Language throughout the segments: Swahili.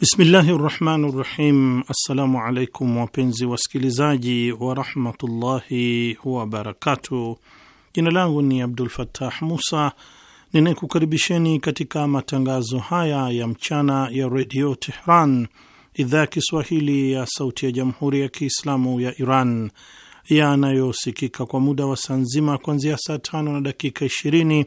Bismillahi rrahmani rrahim. Assalamu alaikum wapenzi wasikilizaji warahmatullahi wabarakatuh. Jina langu ni Abdul Fattah Musa ninayekukaribisheni katika matangazo haya ya mchana ya redio Tehran, idhaa ya Kiswahili ya sauti ya jamhuri ya Kiislamu ya Iran yanayosikika kwa muda wa saa nzima kuanzia saa tano na dakika ishirini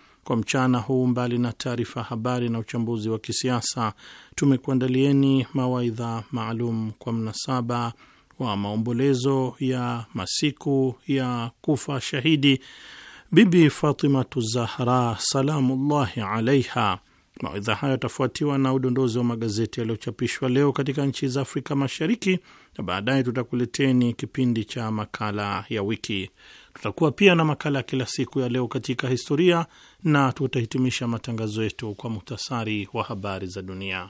kwa mchana huu, mbali na taarifa habari na uchambuzi wa kisiasa, tumekuandalieni mawaidha maalum kwa mnasaba wa maombolezo ya masiku ya kufa shahidi Bibi Fatimatu Zahra salamullahi alaiha Mawaidha hayo yatafuatiwa na udondozi wa magazeti yaliyochapishwa leo katika nchi za Afrika Mashariki, na baadaye tutakuleteni kipindi cha makala ya wiki. Tutakuwa pia na makala ya kila siku ya leo katika historia, na tutahitimisha matangazo yetu kwa muhtasari wa habari za dunia.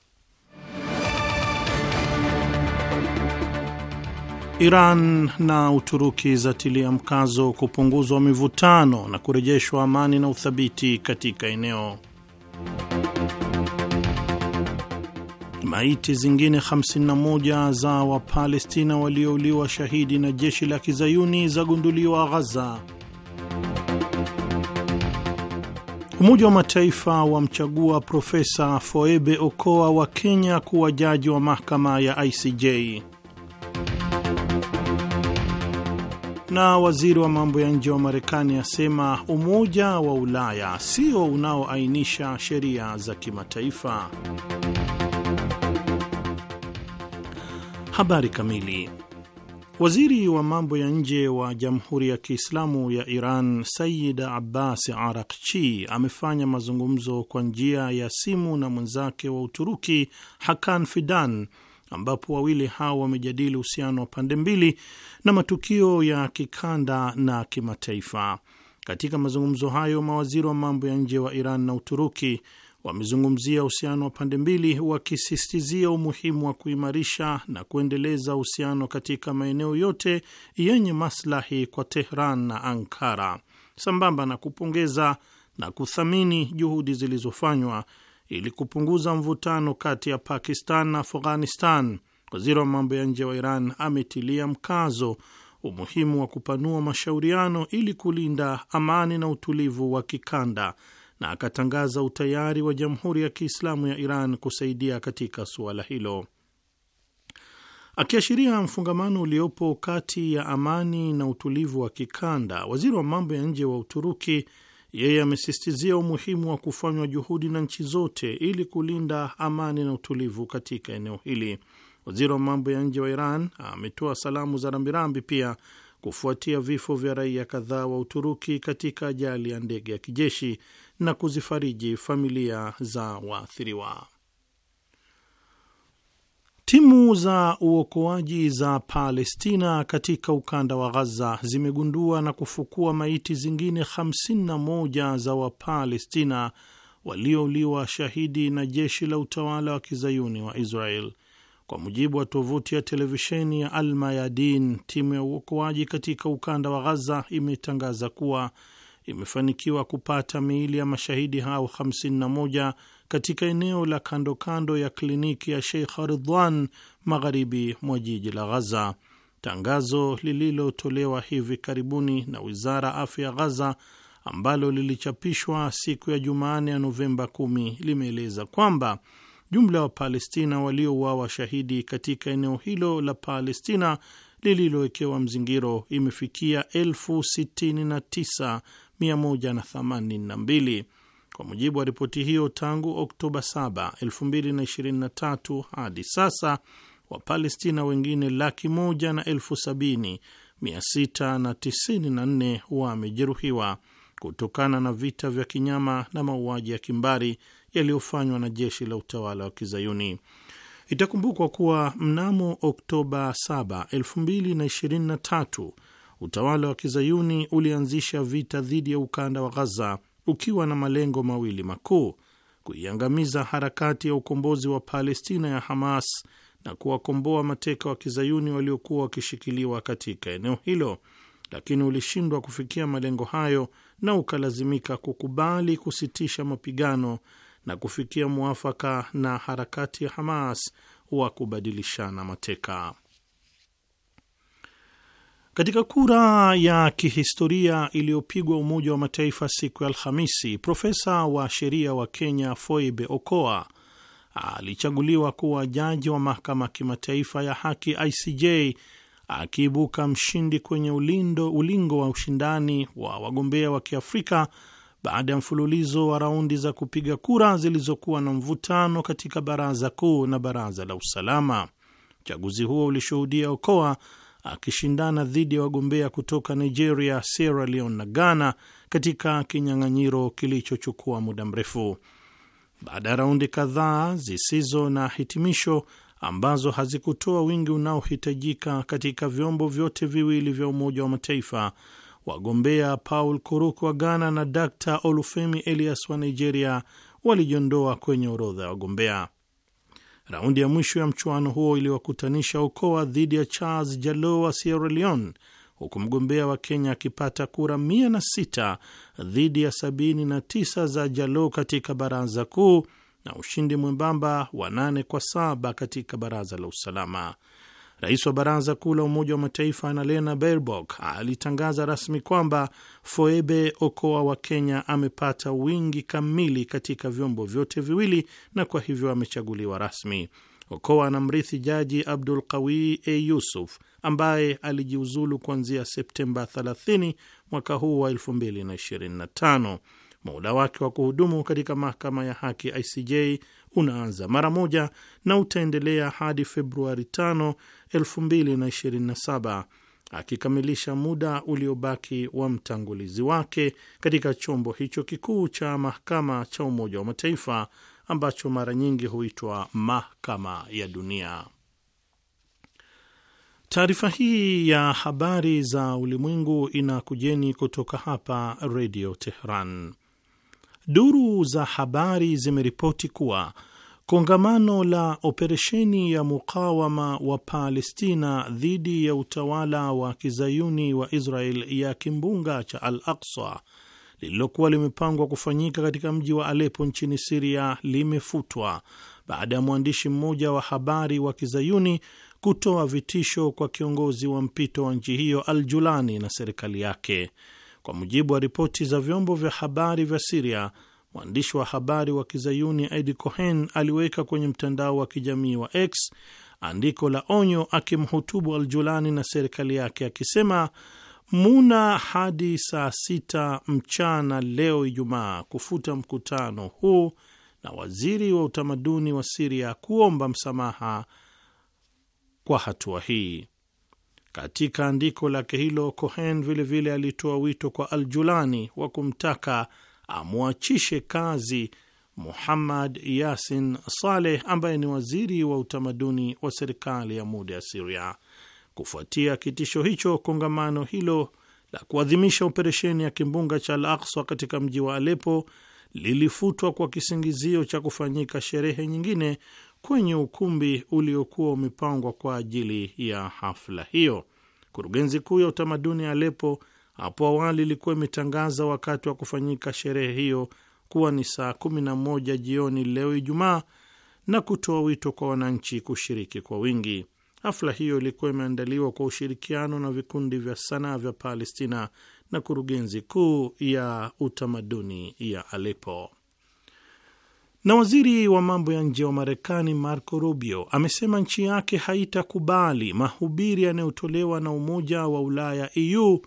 Iran na Uturuki zatilia mkazo kupunguzwa mivutano na kurejeshwa amani na uthabiti katika eneo. Maiti zingine 51 za Wapalestina waliouliwa shahidi na jeshi la kizayuni zagunduliwa Ghaza. Umoja wa Mataifa wamchagua Profesa Foebe Okoa wa Kenya kuwa jaji wa mahakama ya ICJ. na waziri wa mambo ya nje wa Marekani asema Umoja wa Ulaya sio unaoainisha sheria za kimataifa. Habari kamili. Waziri wa mambo ya nje wa Jamhuri ya Kiislamu ya Iran Sayid Abbas Arakchi amefanya mazungumzo kwa njia ya simu na mwenzake wa Uturuki Hakan Fidan ambapo wawili hao wamejadili uhusiano wa pande mbili na matukio ya kikanda na kimataifa. Katika mazungumzo hayo, mawaziri wa mambo ya nje wa Iran na Uturuki wamezungumzia uhusiano wa pande mbili, wakisisitizia umuhimu wa kuimarisha na kuendeleza uhusiano katika maeneo yote yenye maslahi kwa Tehran na Ankara, sambamba na kupongeza na kuthamini juhudi zilizofanywa ili kupunguza mvutano kati ya Pakistan na Afghanistan, waziri wa mambo ya nje wa Iran ametilia mkazo umuhimu wa kupanua mashauriano ili kulinda amani na utulivu wa kikanda na akatangaza utayari wa Jamhuri ya Kiislamu ya Iran kusaidia katika suala hilo, akiashiria mfungamano uliopo kati ya amani na utulivu wa kikanda. Waziri wa mambo ya nje wa Uturuki yeye amesistizia umuhimu wa kufanywa juhudi na nchi zote ili kulinda amani na utulivu katika eneo hili. Waziri wa mambo ya nje wa Iran ametoa salamu za rambirambi pia kufuatia vifo vya raia kadhaa wa Uturuki katika ajali ya ndege ya kijeshi na kuzifariji familia za waathiriwa. Timu za uokoaji za Palestina katika ukanda wa Ghaza zimegundua na kufukua maiti zingine 51 za Wapalestina waliouliwa shahidi na jeshi la utawala wa kizayuni wa Israel. Kwa mujibu wa tovuti ya televisheni ya Al Mayadin, timu ya uokoaji katika ukanda wa Ghaza imetangaza kuwa imefanikiwa kupata miili ya mashahidi hao 51 katika eneo la kando kando ya kliniki ya Sheikh Ridwan magharibi mwa jiji la Ghaza. Tangazo lililotolewa hivi karibuni na wizara afya ya Ghaza ambalo lilichapishwa siku ya Jumanne ya Novemba 10 limeeleza kwamba jumla ya Wapalestina waliouawa shahidi katika eneo hilo la Palestina lililowekewa mzingiro imefikia elfu sitini na tisa 182. Kwa mujibu wa ripoti hiyo, tangu Oktoba 7, 2023 hadi sasa Wapalestina wengine laki moja na elfu sabini mia sita na tisini na nne wamejeruhiwa kutokana na vita vya kinyama na mauaji ya kimbari yaliyofanywa na jeshi la utawala wa Kizayuni. Itakumbukwa kuwa mnamo Oktoba 7, utawala wa kizayuni ulianzisha vita dhidi ya ukanda wa Ghaza ukiwa na malengo mawili makuu: kuiangamiza harakati ya ukombozi wa Palestina ya Hamas na kuwakomboa mateka wa kizayuni waliokuwa wakishikiliwa katika eneo hilo, lakini ulishindwa kufikia malengo hayo na ukalazimika kukubali kusitisha mapigano na kufikia mwafaka na harakati ya Hamas wa kubadilishana mateka. Katika kura ya kihistoria iliyopigwa Umoja wa Mataifa siku ya Alhamisi, profesa wa sheria wa Kenya Foibe Okoa alichaguliwa kuwa jaji wa mahakama kimataifa ya haki ICJ, akiibuka mshindi kwenye ulindo, ulingo wa ushindani wa wagombea wa Kiafrika baada ya mfululizo wa raundi za kupiga kura zilizokuwa na mvutano katika baraza kuu na baraza la usalama. Uchaguzi huo ulishuhudia Okoa akishindana dhidi ya wagombea kutoka Nigeria, Sierra Leone na Ghana katika kinyang'anyiro kilichochukua muda mrefu. Baada ya raundi kadhaa zisizo na hitimisho ambazo hazikutoa wingi unaohitajika katika vyombo vyote viwili vya Umoja wa Mataifa, wagombea Paul Kuruk wa Ghana na Dr Olufemi Elias wa Nigeria walijiondoa kwenye orodha ya wagombea. Raundi ya mwisho ya mchuano huo iliwakutanisha Okoa dhidi ya Charles Jalo wa Sierra Leone, huku mgombea wa Kenya akipata kura 106 dhidi ya 79 za Jalo katika baraza kuu na ushindi mwembamba wa 8 kwa saba katika baraza la usalama. Rais wa Baraza Kuu la Umoja wa Mataifa Annalena Baerbock alitangaza rasmi kwamba Phoebe Okoa wa Kenya amepata wingi kamili katika vyombo vyote viwili na kwa hivyo amechaguliwa rasmi. Okoa anamrithi Jaji Abdul Qawi A Yusuf ambaye alijiuzulu kuanzia Septemba 30 mwaka huu wa 2025. Muda wake wa kuhudumu katika mahakama ya haki ICJ unaanza mara moja na utaendelea hadi Februari 5, 2027 akikamilisha muda uliobaki wa mtangulizi wake katika chombo hicho kikuu cha mahakama cha Umoja wa Mataifa ambacho mara nyingi huitwa Mahakama ya Dunia. Taarifa hii ya habari za ulimwengu inakujeni kutoka hapa Redio Tehran. Duru za habari zimeripoti kuwa kongamano la operesheni ya mukawama wa Palestina dhidi ya utawala wa kizayuni wa Israel ya kimbunga cha Al Aqsa lililokuwa limepangwa kufanyika katika mji wa Alepo nchini Siria limefutwa baada ya mwandishi mmoja wa habari wa kizayuni kutoa vitisho kwa kiongozi wa mpito wa nchi hiyo Al Julani na serikali yake. Kwa mujibu wa ripoti za vyombo vya habari vya Siria, mwandishi wa habari wa kizayuni Edi Cohen aliweka kwenye mtandao wa kijamii wa X andiko la onyo akimhutubu Aljulani na serikali yake akisema muna hadi saa sita mchana leo Ijumaa kufuta mkutano huu na waziri wa utamaduni wa Siria kuomba msamaha kwa hatua hii. Katika andiko lake hilo, Cohen vilevile alitoa wito kwa Aljulani wa kumtaka amwachishe kazi Muhammad Yasin Saleh ambaye ni waziri wa utamaduni wa serikali ya muda ya Siria. Kufuatia kitisho hicho, kongamano hilo la kuadhimisha operesheni ya kimbunga cha Al Aksa katika mji wa Alepo lilifutwa kwa kisingizio cha kufanyika sherehe nyingine kwenye ukumbi uliokuwa umepangwa kwa ajili ya hafla hiyo. Kurugenzi kuu ya utamaduni ya Alepo hapo awali ilikuwa imetangaza wakati wa kufanyika sherehe hiyo kuwa ni saa 11 jioni leo Ijumaa, na kutoa wito kwa wananchi kushiriki kwa wingi. Hafla hiyo ilikuwa imeandaliwa kwa ushirikiano na vikundi vya sanaa vya Palestina na kurugenzi kuu ya utamaduni ya Alepo. Na waziri wa mambo ya nje wa Marekani Marco Rubio amesema nchi yake haitakubali mahubiri yanayotolewa na Umoja wa Ulaya EU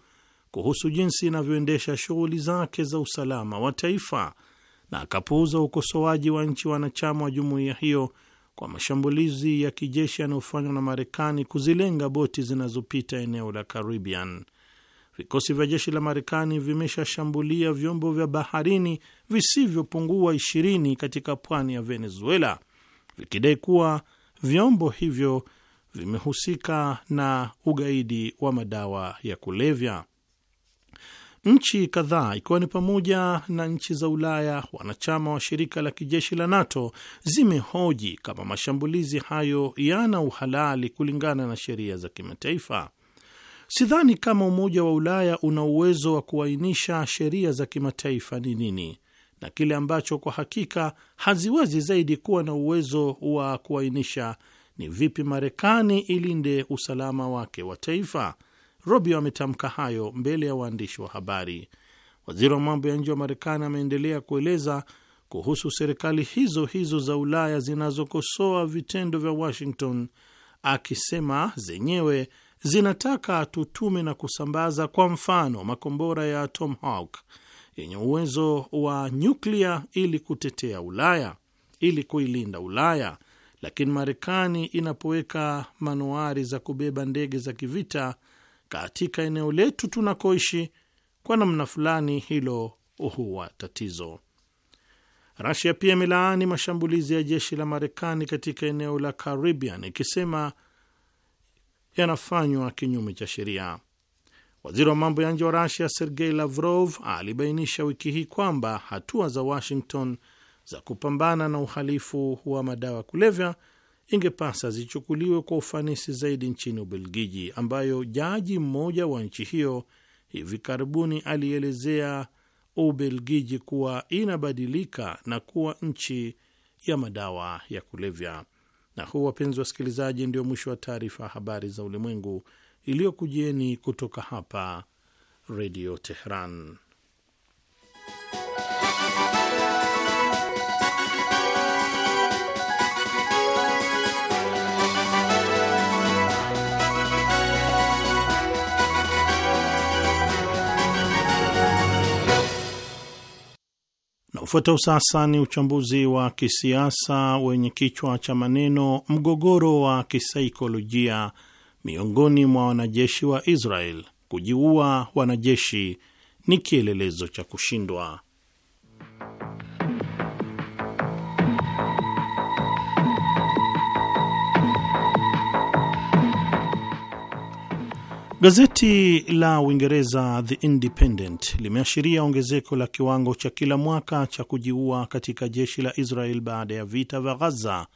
kuhusu jinsi inavyoendesha shughuli zake za usalama wa taifa, na akapuuza ukosoaji wa nchi wanachama wa jumuiya hiyo kwa mashambulizi ya kijeshi yanayofanywa na Marekani kuzilenga boti zinazopita eneo la Caribbean vikosi vya jeshi la Marekani vimeshashambulia vyombo vya baharini visivyopungua ishirini katika pwani ya Venezuela vikidai kuwa vyombo hivyo vimehusika na ugaidi wa madawa ya kulevya. Nchi kadhaa ikiwa ni pamoja na nchi za Ulaya wanachama wa shirika la kijeshi la NATO zimehoji kama mashambulizi hayo yana uhalali kulingana na sheria za kimataifa. Sidhani kama Umoja wa Ulaya una uwezo wa kuainisha sheria za kimataifa ni nini, na kile ambacho kwa hakika haziwezi zaidi kuwa na uwezo wa kuainisha ni vipi Marekani ilinde usalama wake wa taifa. Rubio ametamka hayo mbele ya waandishi wa habari. Waziri wa mambo ya nje wa Marekani ameendelea kueleza kuhusu serikali hizo hizo za Ulaya zinazokosoa vitendo vya Washington, akisema zenyewe zinataka tutume na kusambaza kwa mfano makombora ya Tomahawk yenye uwezo wa nyuklia ili kutetea Ulaya, ili kuilinda Ulaya. Lakini Marekani inapoweka manuari za kubeba ndege za kivita katika eneo letu tunakoishi, kwa namna fulani hilo huwa tatizo. Rasia pia imelaani mashambulizi ya jeshi la Marekani katika eneo la Caribbean ikisema yanafanywa kinyume cha sheria. Waziri wa mambo ya nje wa Rasia Sergei Lavrov alibainisha wiki hii kwamba hatua za Washington za kupambana na uhalifu wa madawa ya kulevya ingepasa zichukuliwe kwa ufanisi zaidi nchini Ubelgiji, ambayo jaji mmoja wa nchi hiyo hivi karibuni alielezea Ubelgiji kuwa inabadilika na kuwa nchi ya madawa ya kulevya. Na huu, wapenzi wasikilizaji, ndio mwisho wa taarifa ya habari za ulimwengu iliyokujieni kutoka hapa Redio Teheran. Ufuatao sasa ni uchambuzi wa kisiasa wenye kichwa cha maneno mgogoro wa kisaikolojia miongoni mwa wanajeshi wa Israel, kujiua wanajeshi ni kielelezo cha kushindwa. Gazeti la Uingereza The Independent limeashiria ongezeko la kiwango cha kila mwaka cha kujiua katika jeshi la Israel baada ya vita vya Ghaza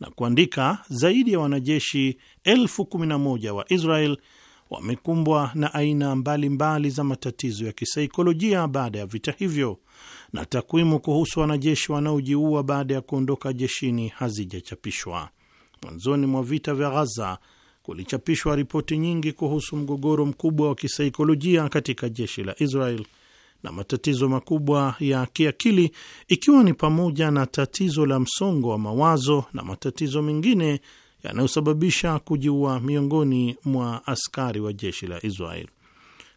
na kuandika zaidi ya wanajeshi elfu kumi na moja wa Israel wamekumbwa na aina mbalimbali mbali za matatizo ya kisaikolojia baada ya vita hivyo, na takwimu kuhusu wanajeshi wanaojiua baada ya kuondoka jeshini hazijachapishwa. Mwanzoni mwa vita vya Ghaza kulichapishwa ripoti nyingi kuhusu mgogoro mkubwa wa kisaikolojia katika jeshi la Israel na matatizo makubwa ya kiakili ikiwa ni pamoja na tatizo la msongo wa mawazo na matatizo mengine yanayosababisha kujiua miongoni mwa askari wa jeshi la Israel.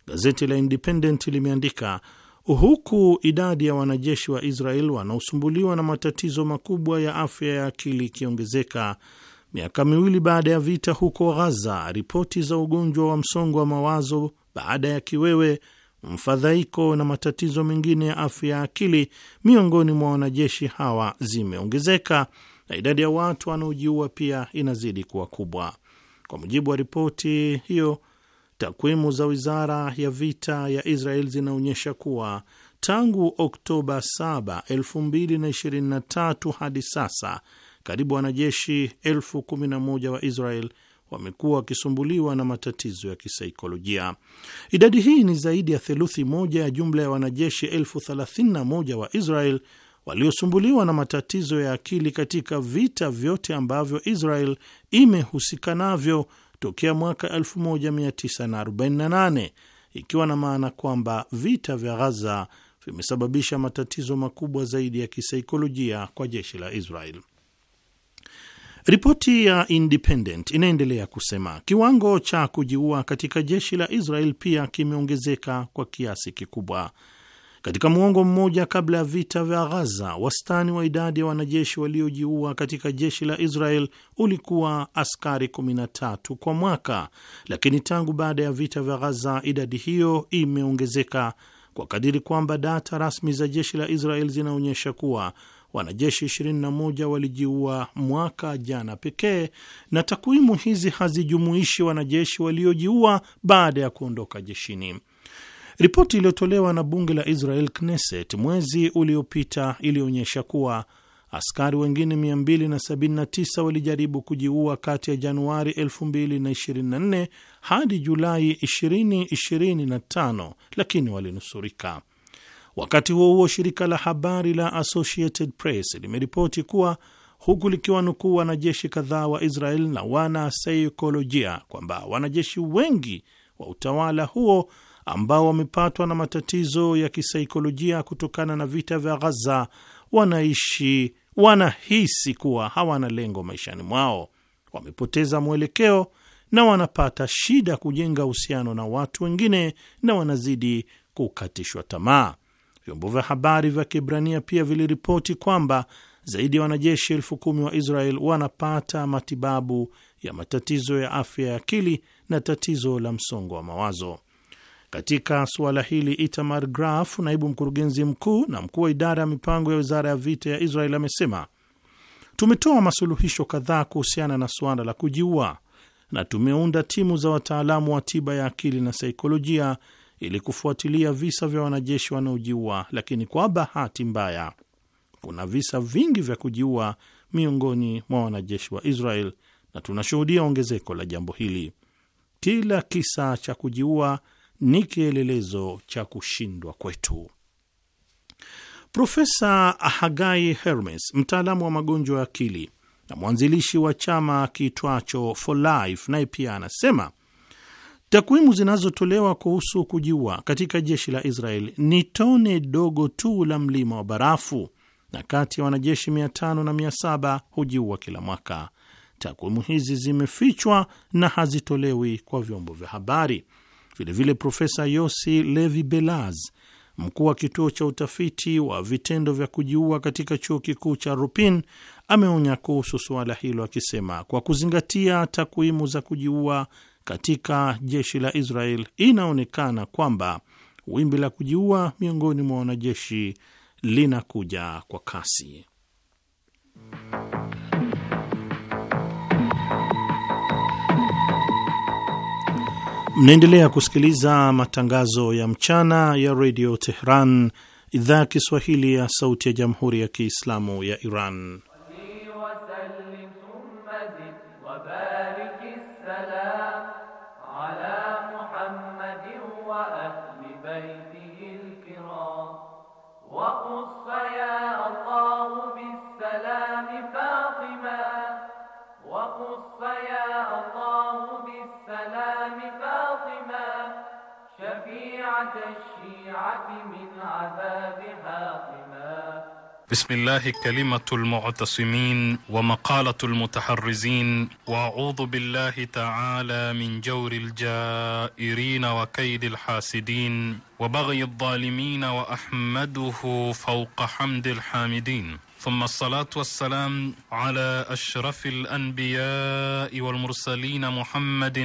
Gazeti la Independent limeandika huku idadi ya wanajeshi wa Israel wanaosumbuliwa na matatizo makubwa ya afya ya akili ikiongezeka, Miaka miwili baada ya vita huko Ghaza, ripoti za ugonjwa wa msongo wa mawazo baada ya kiwewe, mfadhaiko na matatizo mengine ya afya ya akili miongoni mwa wanajeshi hawa zimeongezeka na idadi ya watu wanaojiua pia inazidi kuwa kubwa. Kwa mujibu wa ripoti hiyo, takwimu za wizara ya vita ya Israel zinaonyesha kuwa tangu Oktoba 7, 2023 hadi sasa karibu wanajeshi elfu kumi na moja wa Israel wamekuwa wakisumbuliwa na matatizo ya kisaikolojia. Idadi hii ni zaidi ya theluthi moja ya jumla ya wanajeshi elfu thelathini na moja wa Israel waliosumbuliwa na matatizo ya akili katika vita vyote ambavyo Israel imehusika navyo tokea mwaka 1948 ikiwa na maana kwamba vita vya Ghaza vimesababisha matatizo makubwa zaidi ya kisaikolojia kwa jeshi la Israel. Ripoti ya Independent inaendelea kusema kiwango cha kujiua katika jeshi la Israel pia kimeongezeka kwa kiasi kikubwa. Katika mwongo mmoja kabla ya vita vya Ghaza, wastani wa idadi ya wanajeshi waliojiua katika jeshi la Israel ulikuwa askari 13 kwa mwaka, lakini tangu baada ya vita vya Ghaza idadi hiyo imeongezeka kwa kadiri kwamba data rasmi za jeshi la Israel zinaonyesha kuwa wanajeshi 21 walijiua mwaka jana pekee, na takwimu hizi hazijumuishi wanajeshi waliojiua baada ya kuondoka jeshini. Ripoti iliyotolewa na bunge la Israel Knesset mwezi uliopita ilionyesha kuwa askari wengine 279 walijaribu kujiua kati ya Januari 2024 hadi Julai 2025 lakini walinusurika. Wakati huo huo, shirika la habari la Associated Press limeripoti kuwa huku likiwa nukuu wanajeshi kadhaa wa Israel na wana saikolojia kwamba wanajeshi wengi wa utawala huo ambao wamepatwa na matatizo ya kisaikolojia kutokana na vita vya Ghaza wanaishi wanahisi kuwa hawana lengo maishani mwao, wamepoteza mwelekeo na wanapata shida kujenga uhusiano na watu wengine na wanazidi kukatishwa tamaa. Vyombo vya habari vya Kibrania pia viliripoti kwamba zaidi ya wanajeshi elfu kumi wa Israel wanapata matibabu ya matatizo ya afya ya akili na tatizo la msongo wa mawazo. Katika suala hili, Itamar Graf, naibu mkurugenzi mkuu na mkuu wa idara ya mipango ya wizara ya vita ya Israel, amesema tumetoa masuluhisho kadhaa kuhusiana na suala la kujiua na tumeunda timu za wataalamu wa tiba ya akili na saikolojia ili kufuatilia visa vya wanajeshi wanaojiua, lakini kwa bahati mbaya kuna visa vingi vya kujiua miongoni mwa wanajeshi wa Israel na tunashuhudia ongezeko la jambo hili. Kila kisa cha kujiua ni kielelezo cha kushindwa kwetu. Profesa Hagai Hermes, mtaalamu wa magonjwa ya akili na mwanzilishi wa chama kiitwacho For Life, naye pia anasema Takwimu zinazotolewa kuhusu kujiua katika jeshi la Israel ni tone dogo tu la mlima wa barafu, na kati ya wanajeshi mia na hujiua kila mwaka. Takwimu hizi zimefichwa na hazitolewi kwa vyombo vya habari. Vilevile, Profesa Yossi Levi Belaz, mkuu wa kituo cha utafiti wa vitendo vya kujiua katika chuo kikuu cha Rupin, ameonya kuhusu suala hilo akisema, kwa kuzingatia takwimu za kujiua katika jeshi la Israel, inaonekana kwamba wimbi la kujiua miongoni mwa wanajeshi linakuja kwa kasi. Mnaendelea kusikiliza matangazo ya mchana ya redio Tehran, idhaa ya Kiswahili ya sauti ya jamhuri ya Kiislamu ya Iran. بسم الله كلمة المعتصمين ومقالة المتحرزين وأعوذ بالله تعالى من جور الجائرين وكيد الحاسدين وبغي الظالمين وأحمده فوق حمد الحامدين ثم الصلاة والسلام على أشرف الأنبياء والمرسلين محمد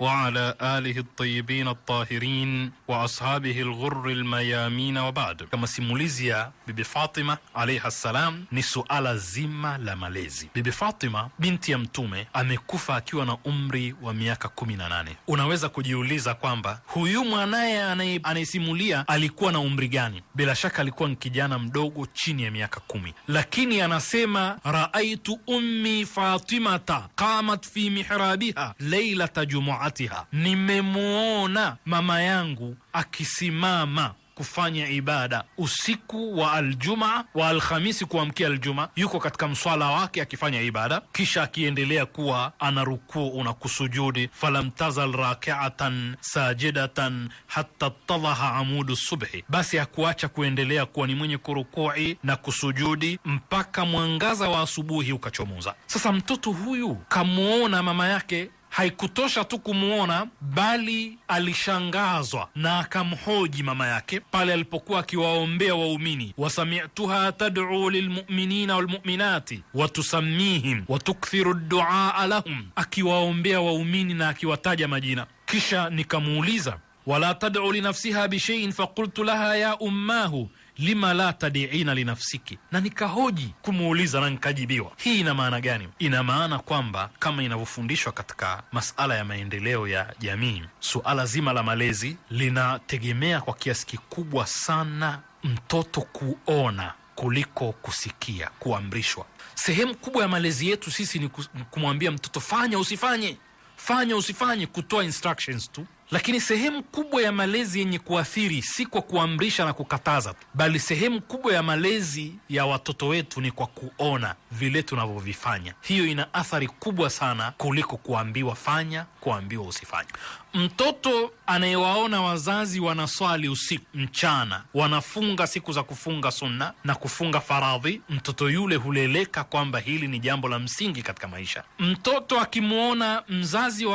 وعلى آله الطيبين الطاهرين وأصحابه الغر الميامين وبعد كما simulizi Bibi Fatima alaiha salam ni suala zima la malezi. Bibi Fatima binti ya Mtume amekufa akiwa na umri wa miaka kumi na nane. Unaweza kujiuliza kwamba huyu mwanaye anayesimulia alikuwa na umri gani? Bila shaka alikuwa ni kijana mdogo chini ya miaka kumi lakini anasema raaitu ummi fatimata qamat fi mihrabiha lailata jumuatiha, nimemwona mama yangu akisimama kufanya ibada usiku wa aljuma wa Alhamisi kuamkia Aljumaa, yuko katika mswala wake akifanya ibada, kisha akiendelea kuwa ana rukuu na kusujudi, falam tazal rakiatan sajidatan hatta tadaha amudu subhi, basi hakuacha kuendelea kuwa ni mwenye kurukui na kusujudi mpaka mwangaza wa asubuhi ukachomoza. Sasa mtoto huyu kamwona mama yake haikutosha tu kumwona, bali alishangazwa na akamhoji mama yake pale alipokuwa akiwaombea waumini, wasamituha tad'u lilmuminina walmuminati watusammihim watukthiru duaa lahum, akiwaombea waumini na akiwataja majina. Kisha nikamuuliza wala tad'u linafsiha bishaiin fakultu laha ya ummahu lima la tadiina linafsiki, na nikahoji kumuuliza na nikajibiwa. Hii ina maana gani? Ina maana kwamba kama inavyofundishwa katika masala ya maendeleo ya jamii, suala zima la malezi linategemea kwa kiasi kikubwa sana mtoto kuona kuliko kusikia, kuamrishwa. Sehemu kubwa ya malezi yetu sisi ni kumwambia mtoto fanya, usifanye, fanya, usifanye, kutoa instructions tu lakini sehemu kubwa ya malezi yenye kuathiri si kwa kuamrisha na kukataza tu, bali sehemu kubwa ya malezi ya watoto wetu ni kwa kuona vile tunavyovifanya. Hiyo ina athari kubwa sana kuliko kuambiwa fanya, kuambiwa usifanya Mtoto anayewaona wazazi wanaswali usiku mchana, wanafunga siku za kufunga sunna na kufunga faradhi, mtoto yule huleleka kwamba hili ni jambo la msingi katika maisha. Mtoto akimwona mzazi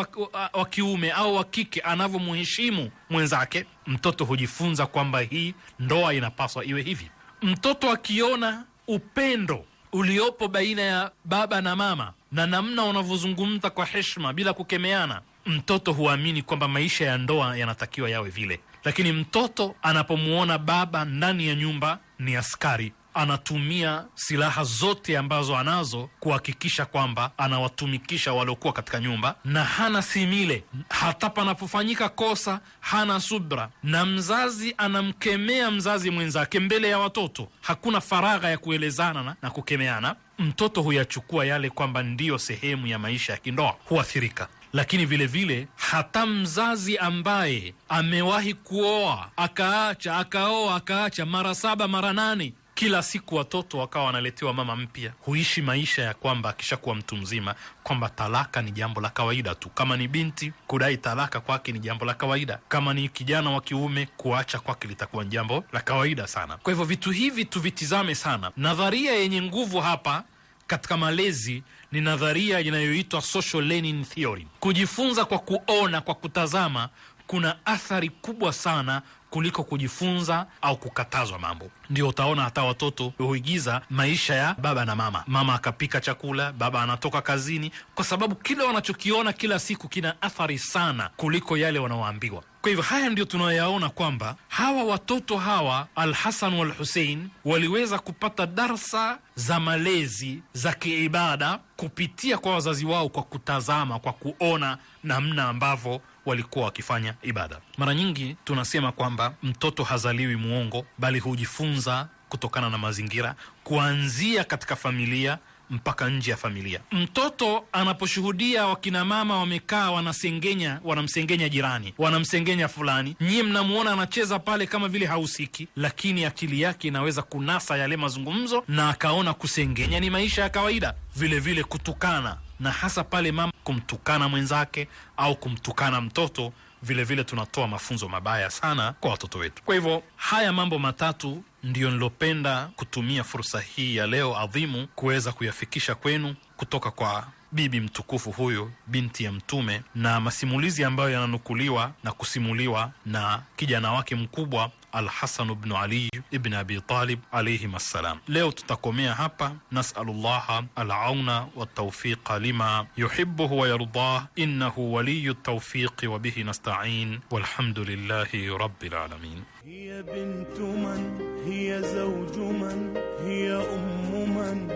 wa kiume au wa kike anavyomuheshimu mwenzake, mtoto hujifunza kwamba hii ndoa inapaswa iwe hivi. Mtoto akiona upendo uliopo baina ya baba na mama na namna unavyozungumza kwa heshima bila kukemeana mtoto huamini kwamba maisha ya ndoa yanatakiwa yawe vile, lakini mtoto anapomwona baba ndani ya nyumba ni askari anatumia silaha zote ambazo anazo kuhakikisha kwamba anawatumikisha waliokuwa katika nyumba, na hana simile, hata panapofanyika kosa hana subra, na mzazi anamkemea mzazi mwenzake mbele ya watoto. Hakuna faragha ya kuelezana na, kukemeana. Mtoto huyachukua yale kwamba ndiyo sehemu ya maisha ya kindoa, huathirika lakini vilevile vile, hata mzazi ambaye amewahi kuoa akaacha, akaoa akaacha, mara saba mara nane kila siku watoto wakawa wanaletewa mama mpya, huishi maisha ya kwamba akishakuwa mtu mzima kwamba talaka ni jambo la kawaida tu. Kama ni binti, kudai talaka kwake ni jambo la kawaida. Kama ni kijana wa kiume, kuacha kwake litakuwa ni jambo la kawaida sana. Kwa hivyo vitu hivi tuvitizame sana. Nadharia yenye nguvu hapa katika malezi ni nadharia inayoitwa social learning theory. Kujifunza kwa kuona, kwa kutazama, kuna athari kubwa sana kuliko kujifunza au kukatazwa mambo. Ndio utaona hata watoto huigiza maisha ya baba na mama, mama akapika chakula, baba anatoka kazini, kwa sababu kile wanachokiona kila siku kina athari sana kuliko yale wanaoambiwa. Kwa hivyo haya ndio tunayaona kwamba hawa watoto hawa Al Hasan Husein waliweza kupata darsa za malezi za kiibada kupitia kwa wazazi wao, kwa kutazama, kwa kuona namna ambavyo walikuwa wakifanya ibada. Mara nyingi tunasema kwamba mtoto hazaliwi mwongo bali hujifunza kutokana na mazingira, kuanzia katika familia mpaka nje ya familia. Mtoto anaposhuhudia wakina mama wamekaa wanasengenya, wanamsengenya jirani, wanamsengenya fulani, nyie mnamwona anacheza pale kama vile hahusiki, lakini akili yake inaweza kunasa yale mazungumzo na akaona kusengenya ni maisha ya kawaida, vilevile vile kutukana na hasa pale mama kumtukana mwenzake au kumtukana mtoto vilevile vile tunatoa mafunzo mabaya sana kwa watoto wetu. Kwa hivyo haya mambo matatu ndiyo nilopenda kutumia fursa hii ya leo adhimu kuweza kuyafikisha kwenu kutoka kwa bibi mtukufu huyu binti ya Mtume na masimulizi ambayo yananukuliwa na kusimuliwa na kijana wake mkubwa الحسن بن علي بن أبي طالب عليهما السلام ليو تتقومي هابا نسأل الله العون والتوفيق لما يحبه ويرضاه إنه ولي التوفيق وبه نستعين والحمد لله رب العالمين هي بنت من هي زوج من هي أم من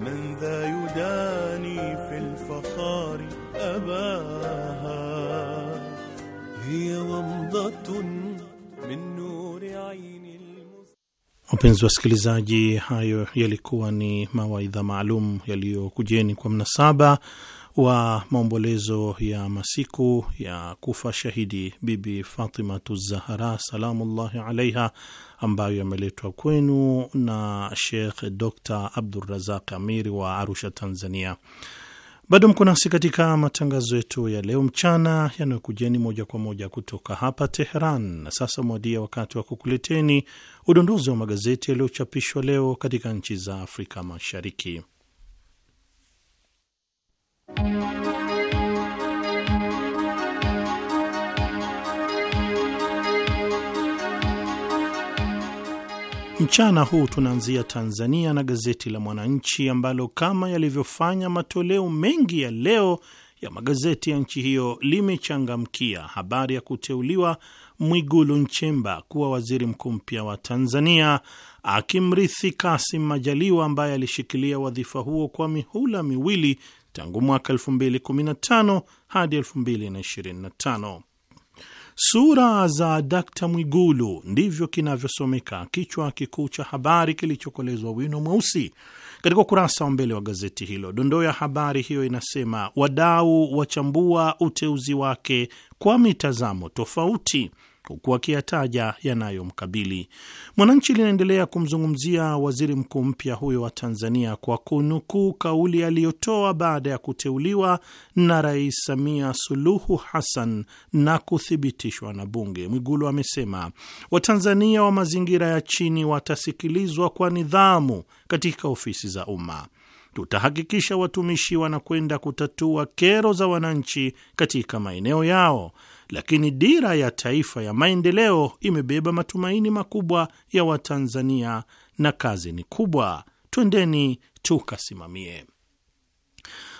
من ذا يداني في الفخار أباها هي ومضة Wapenzi wasikilizaji, hayo yalikuwa ni mawaidha maalum yaliyokujeni kwa mnasaba wa maombolezo ya masiku ya kufa shahidi Bibi Fatimatu Zahara salamullahi alaiha, ambayo yameletwa kwenu na shekh Dr Abdurazaq Amiri wa Arusha, Tanzania. Bado mko nasi katika matangazo yetu ya leo mchana yanayokujeni moja kwa moja kutoka hapa Teheran. Na sasa mwadia wakati wa kukuleteni udondozi wa magazeti yaliyochapishwa leo katika nchi za Afrika Mashariki. Mchana huu tunaanzia Tanzania na gazeti la Mwananchi ambalo kama yalivyofanya matoleo mengi ya leo ya magazeti ya nchi hiyo limechangamkia habari ya kuteuliwa Mwigulu Nchemba kuwa waziri mkuu mpya wa Tanzania, akimrithi Kasim Majaliwa ambaye alishikilia wadhifa huo kwa mihula miwili tangu mwaka 2015 hadi 2025. Sura za Dakta Mwigulu, ndivyo kinavyosomeka kichwa kikuu cha habari kilichokolezwa wino mweusi katika ukurasa wa mbele wa gazeti hilo. Dondoo ya habari hiyo inasema wadau wachambua uteuzi wake kwa mitazamo tofauti huku akiyataja yanayomkabili. Mwananchi linaendelea kumzungumzia waziri mkuu mpya huyo wa Tanzania kwa kunukuu kauli aliyotoa baada ya kuteuliwa na Rais Samia Suluhu Hassan na kuthibitishwa na Bunge. Mwigulu amesema Watanzania wa mazingira ya chini watasikilizwa kwa nidhamu katika ofisi za umma. Tutahakikisha watumishi wanakwenda kutatua kero za wananchi katika maeneo yao lakini dira ya taifa ya maendeleo imebeba matumaini makubwa ya Watanzania na kazi ni kubwa. Twendeni tukasimamie.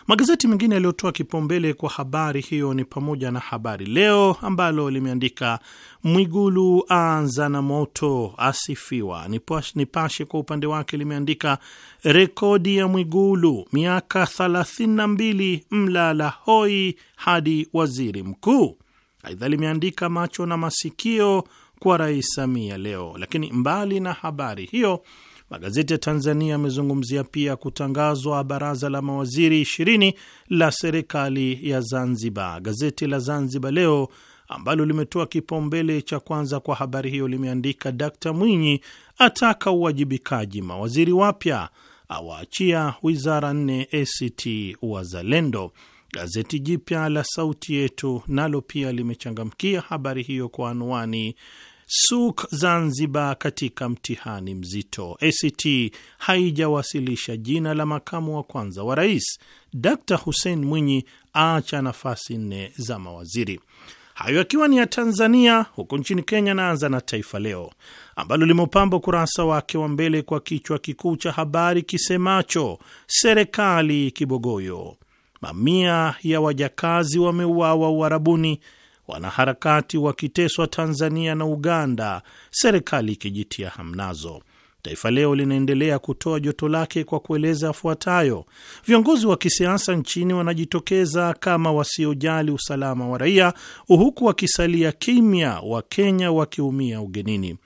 Magazeti mengine yaliyotoa kipaumbele kwa habari hiyo ni pamoja na Habari Leo ambalo limeandika Mwigulu aanza na moto asifiwa. Nipashe kwa upande wake limeandika rekodi ya Mwigulu miaka 32 mlala hoi hadi waziri mkuu. Aidha limeandika macho na masikio kwa Rais Samia leo. Lakini mbali na habari hiyo, magazeti ya Tanzania yamezungumzia pia kutangazwa baraza la mawaziri ishirini la serikali ya Zanzibar. Gazeti la Zanzibar Leo ambalo limetoa kipaumbele cha kwanza kwa habari hiyo limeandika Dkt Mwinyi ataka uwajibikaji mawaziri wapya, awaachia wizara nne ACT Wazalendo. Gazeti jipya la Sauti Yetu nalo pia limechangamkia habari hiyo kwa anwani Suk Zanzibar katika mtihani mzito. ACT haijawasilisha jina la makamu wa kwanza wa rais. Dr Hussein Mwinyi aacha nafasi nne za mawaziri. Hayo akiwa ni ya Tanzania. Huko nchini Kenya, naanza na Taifa Leo ambalo limeupamba ukurasa wake wa mbele kwa kichwa kikuu cha habari kisemacho serikali kibogoyo Mamia ya wajakazi wameuawa Uarabuni, wanaharakati wakiteswa Tanzania na Uganda, serikali ikijitia hamnazo. Taifa Leo linaendelea kutoa joto lake kwa kueleza yafuatayo: viongozi wa kisiasa nchini wanajitokeza kama wasiojali usalama wa raia, huku wakisalia kimya, Wakenya wakiumia ugenini.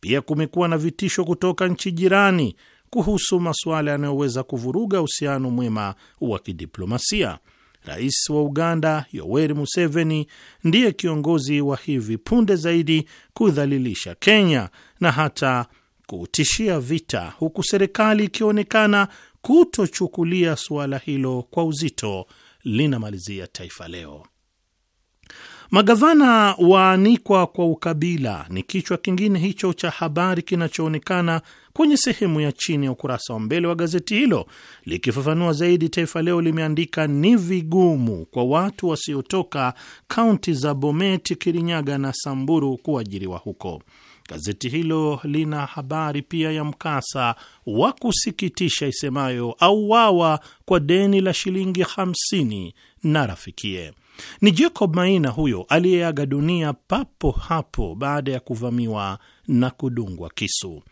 Pia kumekuwa na vitisho kutoka nchi jirani kuhusu masuala yanayoweza kuvuruga uhusiano mwema wa kidiplomasia. Rais wa Uganda Yoweri Museveni ndiye kiongozi wa hivi punde zaidi kudhalilisha Kenya na hata kutishia vita, huku serikali ikionekana kutochukulia suala hilo kwa uzito, linamalizia Taifa Leo. Magavana waanikwa kwa ukabila ni kichwa kingine hicho cha habari kinachoonekana kwenye sehemu ya chini ya ukurasa wa mbele wa gazeti hilo. Likifafanua zaidi, Taifa Leo limeandika ni vigumu kwa watu wasiotoka kaunti za Bometi, Kirinyaga na Samburu kuajiriwa huko. Gazeti hilo lina habari pia ya mkasa wa kusikitisha isemayo auawa kwa deni la shilingi 50 na rafikie ni Jacob Maina huyo aliyeaga dunia papo hapo baada ya kuvamiwa na kudungwa kisu.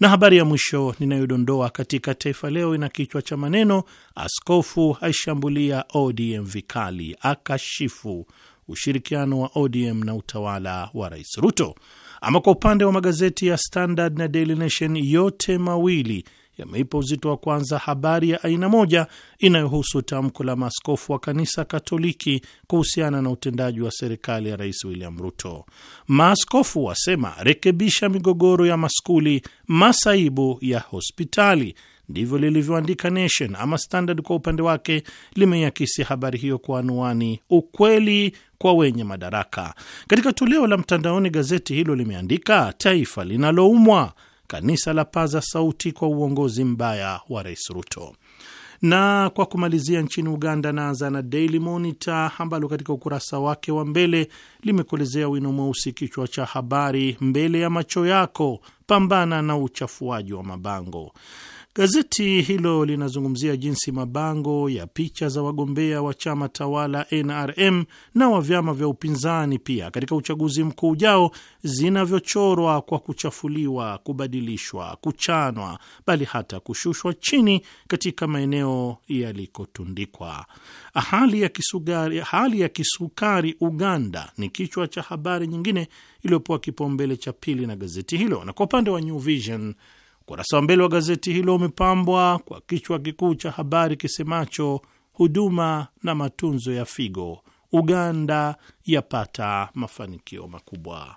Na habari ya mwisho ninayodondoa katika Taifa Leo ina kichwa cha maneno askofu aishambulia ODM vikali, akashifu ushirikiano wa ODM na utawala wa Rais Ruto. Ama kwa upande wa magazeti ya Standard na Daily Nation, yote mawili yameipa uzito wa kwanza habari ya aina moja inayohusu tamko la maaskofu wa kanisa Katoliki kuhusiana na utendaji wa serikali ya Rais William Ruto. Maaskofu wasema rekebisha migogoro ya maskuli, masaibu ya hospitali. Ndivyo lilivyoandika Nation. Ama Standard kwa upande wake limeiakisi habari hiyo kwa anuani ukweli kwa wenye madaraka. Katika toleo la mtandaoni, gazeti hilo limeandika taifa linaloumwa Kanisa la paza sauti kwa uongozi mbaya wa Rais Ruto. Na kwa kumalizia, nchini Uganda naanza na Daily Monitor ambalo katika ukurasa wake wa mbele limekuelezea wino mweusi kichwa cha habari, mbele ya macho yako, pambana na uchafuaji wa mabango. Gazeti hilo linazungumzia jinsi mabango ya picha za wagombea wa chama tawala NRM na wa vyama vya upinzani pia katika uchaguzi mkuu ujao zinavyochorwa kwa kuchafuliwa, kubadilishwa, kuchanwa, bali hata kushushwa chini katika maeneo yalikotundikwa. Hali ya kisukari, hali ya kisukari Uganda ni kichwa cha habari nyingine iliyopewa kipaumbele cha pili na gazeti hilo, na kwa upande wa New Vision Ukurasa wa mbele wa gazeti hilo umepambwa kwa kichwa kikuu cha habari kisemacho huduma na matunzo ya figo Uganda yapata mafanikio makubwa.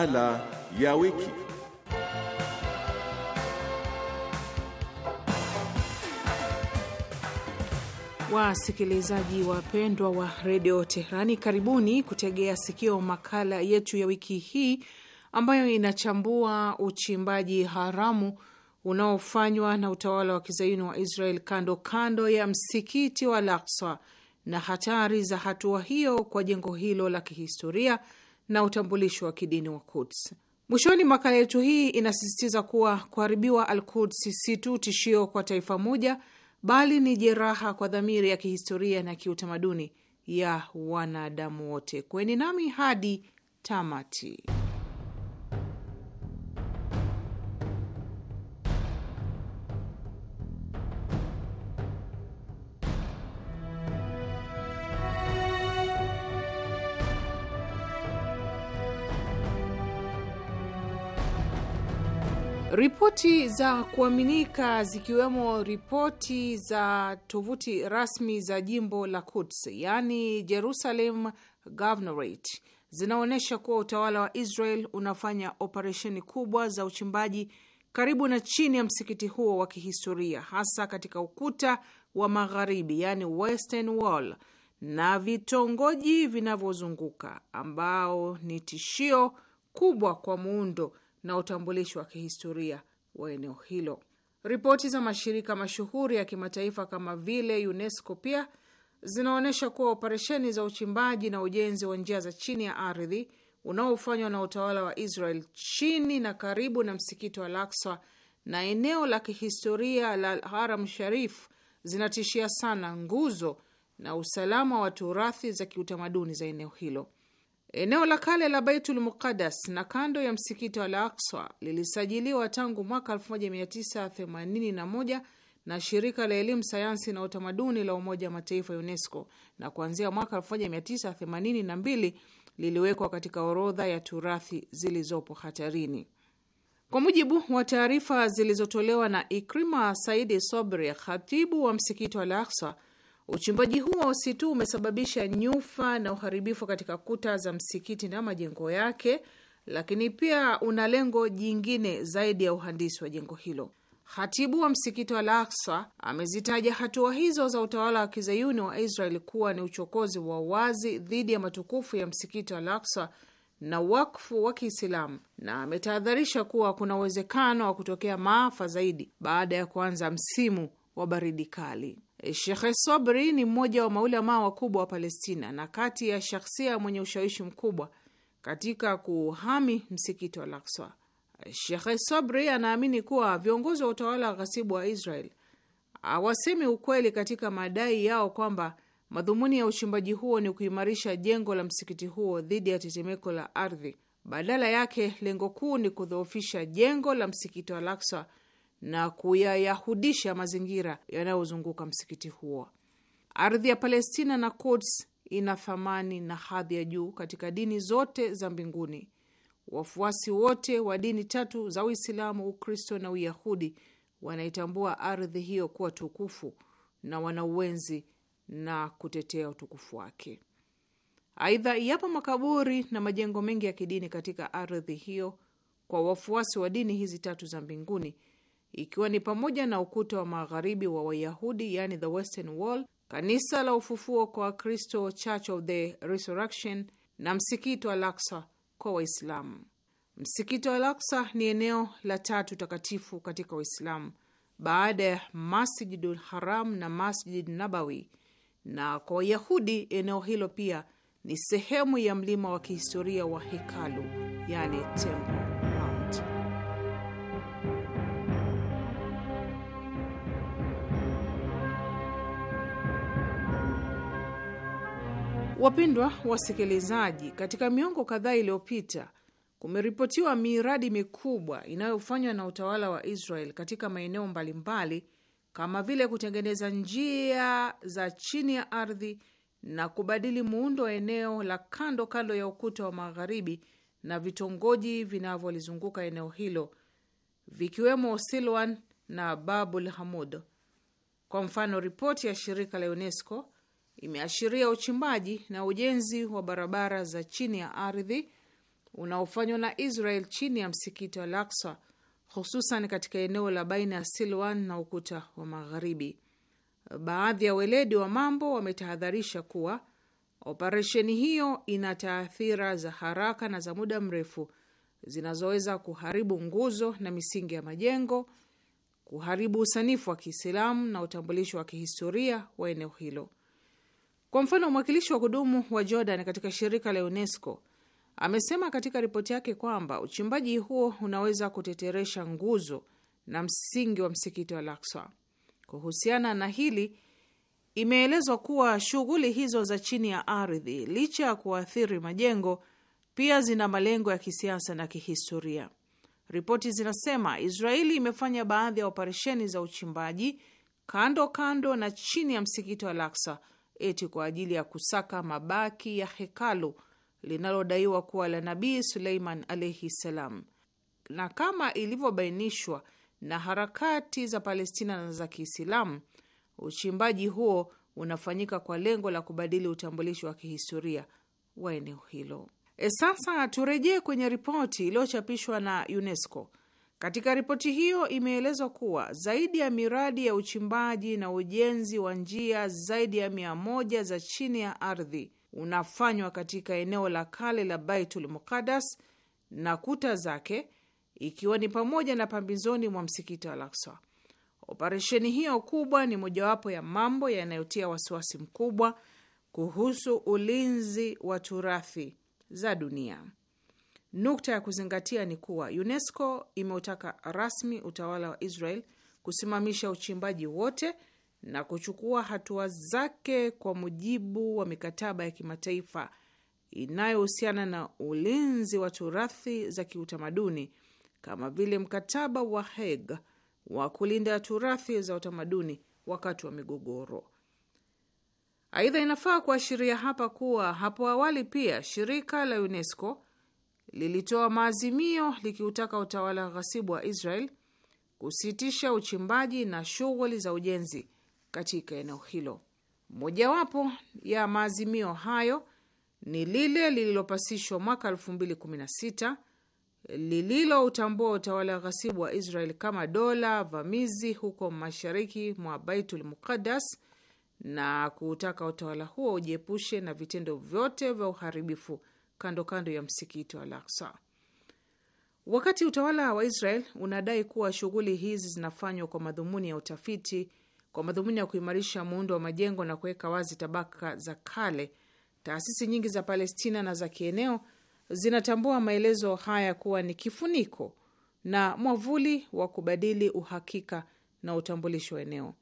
makala ya wiki. Wasikilizaji wapendwa wa redio Teherani, karibuni kutegea sikio makala yetu ya wiki hii ambayo inachambua uchimbaji haramu unaofanywa na utawala wa kizayuni wa Israel kando kando ya msikiti wa Al-Aqsa na hatari za hatua hiyo kwa jengo hilo la kihistoria na utambulisho wa kidini wa Kuds. Mwishoni makala yetu hii inasisitiza kuwa kuharibiwa al Kuds si tu tishio kwa taifa moja, bali ni jeraha kwa dhamiri ya kihistoria na kiutamaduni ya wanadamu wote. Kweni nami hadi tamati. Ripoti za kuaminika zikiwemo ripoti za tovuti rasmi za jimbo la Quds, yaani Jerusalem Governorate, zinaonyesha kuwa utawala wa Israel unafanya operesheni kubwa za uchimbaji karibu na chini ya msikiti huo wa kihistoria, hasa katika ukuta wa magharibi, yaani Western Wall, na vitongoji vinavyozunguka ambao ni tishio kubwa kwa muundo na utambulisho wa kihistoria wa eneo hilo. Ripoti za mashirika mashuhuri ya kimataifa kama vile UNESCO pia zinaonyesha kuwa operesheni za uchimbaji na ujenzi wa njia za chini ya ardhi unaofanywa na utawala wa Israel chini na karibu na msikiti wa Al-Aqsa na eneo la kihistoria la Haram Sharif zinatishia sana nguzo na usalama wa turathi za kiutamaduni za eneo hilo. Eneo la kale la Baitul Muqaddas na kando ya msikiti wa Al-Aqsa lilisajiliwa tangu mwaka 1981 na, shirika la elimu, sayansi na utamaduni la Umoja wa Mataifa UNESCO, na kuanzia mwaka 1982 liliwekwa katika orodha ya turathi zilizopo hatarini. Kwa mujibu wa taarifa zilizotolewa na Ikrima Saidi Sobri, khatibu wa msikiti wa Al-Aqsa Uchimbaji huo wa msitu umesababisha nyufa na uharibifu katika kuta za msikiti na majengo yake, lakini pia una lengo jingine zaidi ya uhandisi wa jengo hilo. hatibu wa msikiti wa Al-Aqsa amezitaja hatua hizo za utawala wa kizayuni wa Israel kuwa ni uchokozi wa wazi dhidi ya matukufu ya msikiti wa Al-Aqsa na wakfu wa Kiislamu, na ametahadharisha kuwa kuna uwezekano wa kutokea maafa zaidi baada ya kuanza msimu wa baridi kali. Shekhe Sobri ni mmoja wa maulamaa wakubwa wa Palestina na kati ya shakhsia mwenye ushawishi mkubwa katika kuuhami msikiti wa Al-Aqsa. Shekhe Sobri anaamini kuwa viongozi wa utawala wa ghasibu wa Israel hawasemi ukweli katika madai yao kwamba madhumuni ya uchimbaji huo ni kuimarisha jengo la msikiti huo dhidi ya tetemeko la ardhi. Badala yake, lengo kuu ni kudhoofisha jengo la msikiti wa Al-Aqsa na kuyayahudisha mazingira yanayozunguka msikiti huo. Ardhi ya Palestina na Quds ina thamani na hadhi ya juu katika dini zote za mbinguni. Wafuasi wote wa dini tatu za Uislamu, Ukristo na Uyahudi wanaitambua ardhi hiyo kuwa tukufu na wanauenzi na kutetea utukufu wake. Aidha, yapo makaburi na majengo mengi ya kidini katika ardhi hiyo kwa wafuasi wa dini hizi tatu za mbinguni ikiwa ni pamoja na ukuta wa magharibi wa Wayahudi, yani the Western Wall, kanisa la ufufuo kwa Wakristo, Church of the Resurrection, na msikiti wa Al-Aqsa kwa Waislamu. Msikiti wa Al-Aqsa ni eneo la tatu takatifu katika Waislamu baada ya Masjidul Haram na Masjid Nabawi, na kwa Wayahudi eneo hilo pia ni sehemu ya mlima wa kihistoria wa hekalu, yani temple. Wapendwa wasikilizaji, katika miongo kadhaa iliyopita kumeripotiwa miradi mikubwa inayofanywa na utawala wa Israel katika maeneo mbalimbali kama vile kutengeneza njia za chini ya ardhi na kubadili muundo wa eneo la kando kando ya ukuta wa magharibi na vitongoji vinavyolizunguka eneo hilo vikiwemo Silwan na Babul Hamud. Kwa mfano, ripoti ya shirika la UNESCO imeashiria uchimbaji na ujenzi wa barabara za chini ya ardhi unaofanywa na Israel chini ya msikiti wa Al-Aqsa, hususan katika eneo la baina ya Silwan na ukuta wa Magharibi. Baadhi ya weledi wa mambo wametahadharisha kuwa operesheni hiyo ina taathira za haraka na za muda mrefu zinazoweza kuharibu nguzo na misingi ya majengo, kuharibu usanifu wa Kiislamu na utambulisho wa kihistoria wa eneo hilo. Kwa mfano, mwakilishi wa kudumu wa Jordan katika shirika la UNESCO amesema katika ripoti yake kwamba uchimbaji huo unaweza kuteteresha nguzo na msingi wa msikiti wa Al-Aqsa. Kuhusiana na hili, imeelezwa kuwa shughuli hizo za chini ya ardhi, licha ya kuathiri majengo, pia zina malengo ya kisiasa na kihistoria. Ripoti zinasema Israeli imefanya baadhi ya operesheni za uchimbaji kando kando na chini ya msikiti wa Al-Aqsa eti kwa ajili ya kusaka mabaki ya hekalu linalodaiwa kuwa la Nabii Suleiman alaihi salam, na kama ilivyobainishwa na harakati za Palestina na za Kiislamu, uchimbaji huo unafanyika kwa lengo la kubadili utambulisho wa kihistoria wa eneo hilo. E, sasa turejee kwenye ripoti iliyochapishwa na UNESCO katika ripoti hiyo imeelezwa kuwa zaidi ya miradi ya uchimbaji na ujenzi wa njia zaidi ya mia moja za chini ya ardhi unafanywa katika eneo la kale la Baitul Muqaddas na kuta zake, ikiwa ni pamoja na pambizoni mwa msikiti wa Al-Aqsa. Operesheni hiyo kubwa ni mojawapo ya mambo yanayotia wasiwasi mkubwa kuhusu ulinzi wa turathi za dunia. Nukta ya kuzingatia ni kuwa UNESCO imeutaka rasmi utawala wa Israel kusimamisha uchimbaji wote na kuchukua hatua zake kwa mujibu wa mikataba ya kimataifa inayohusiana na ulinzi wa turathi za kiutamaduni kama vile mkataba wa Hague wa kulinda turathi za utamaduni wakati wa migogoro. Aidha, inafaa kuashiria hapa kuwa hapo awali pia shirika la UNESCO lilitoa maazimio likiutaka utawala ghasibu wa Israel kusitisha uchimbaji na shughuli za ujenzi katika eneo hilo. Mojawapo ya maazimio hayo ni lile lililopasishwa mwaka sita lililoutambua utawala ghasibu wa Israel kama dola vamizi huko mashariki mwa Baitul Muqaddas na kuutaka utawala huo ujiepushe na vitendo vyote vya uharibifu kando kando ya msikiti wa Al-Aqsa. Wakati utawala wa Israel unadai kuwa shughuli hizi zinafanywa kwa madhumuni ya utafiti, kwa madhumuni ya kuimarisha muundo wa majengo na kuweka wazi tabaka za kale, taasisi nyingi za Palestina na za kieneo zinatambua maelezo haya kuwa ni kifuniko na mwavuli wa kubadili uhakika na utambulisho wa eneo.